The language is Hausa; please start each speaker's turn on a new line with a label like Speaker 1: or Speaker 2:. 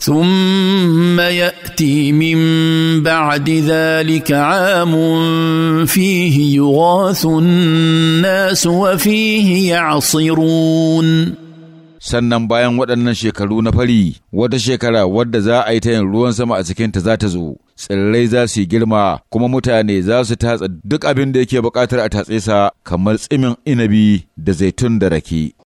Speaker 1: ثم ياتي من بعد ذلك عام فيه يغاث الناس وفيه
Speaker 2: يعصرون sannan bayan waɗannan shekaru na fari wata shekara wadda za a yi ta yin ruwan sama a cikinta za ta zo tsirrai za su yi girma kuma
Speaker 3: mutane za su tatsa duk abin da yake buƙatar a tatse sa
Speaker 4: kamar tsimin inabi da zaitun da rake